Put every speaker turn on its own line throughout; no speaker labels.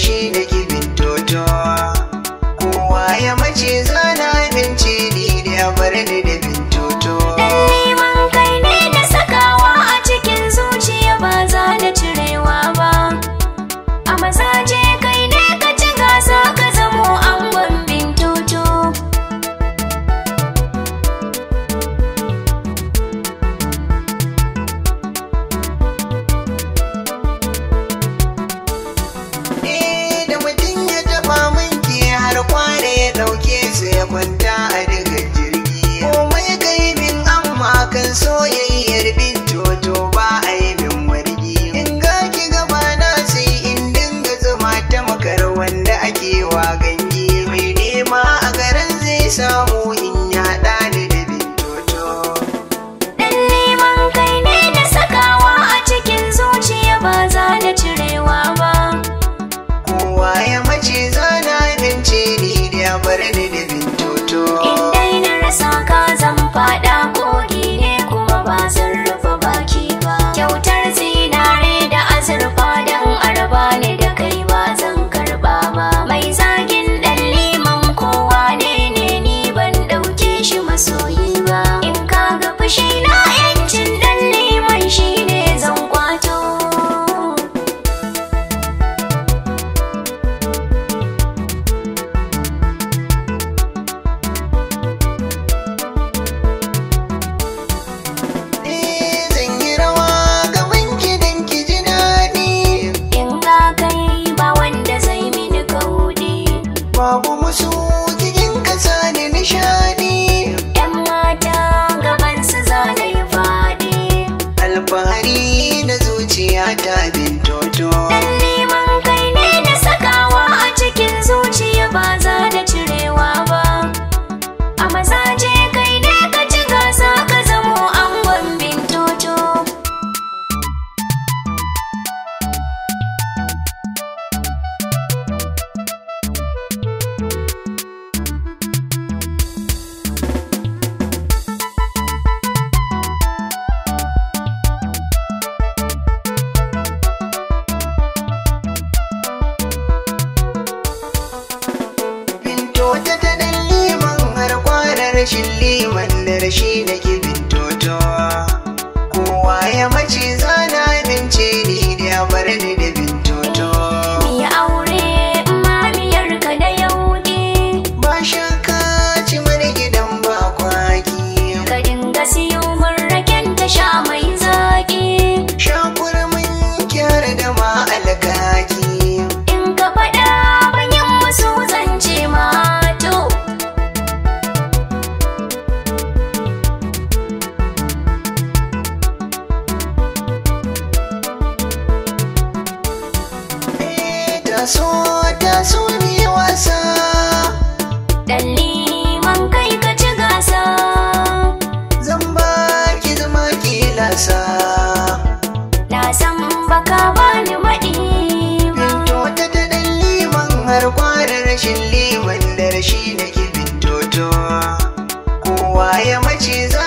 shi da kibin toto kowa ya mace zana bince ni da ya bar ni da
tari na zuciya ta
rashin liman da rashi da ke totowa kowa ya mace za waye maciza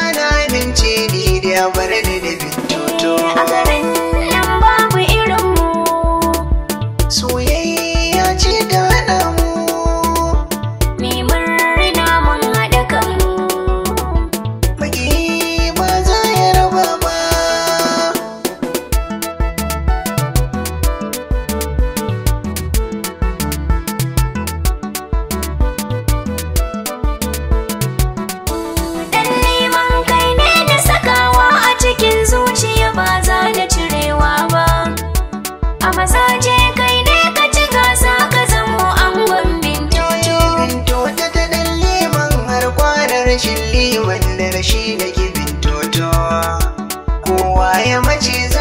sandar shi da kibin toto kowa ya mace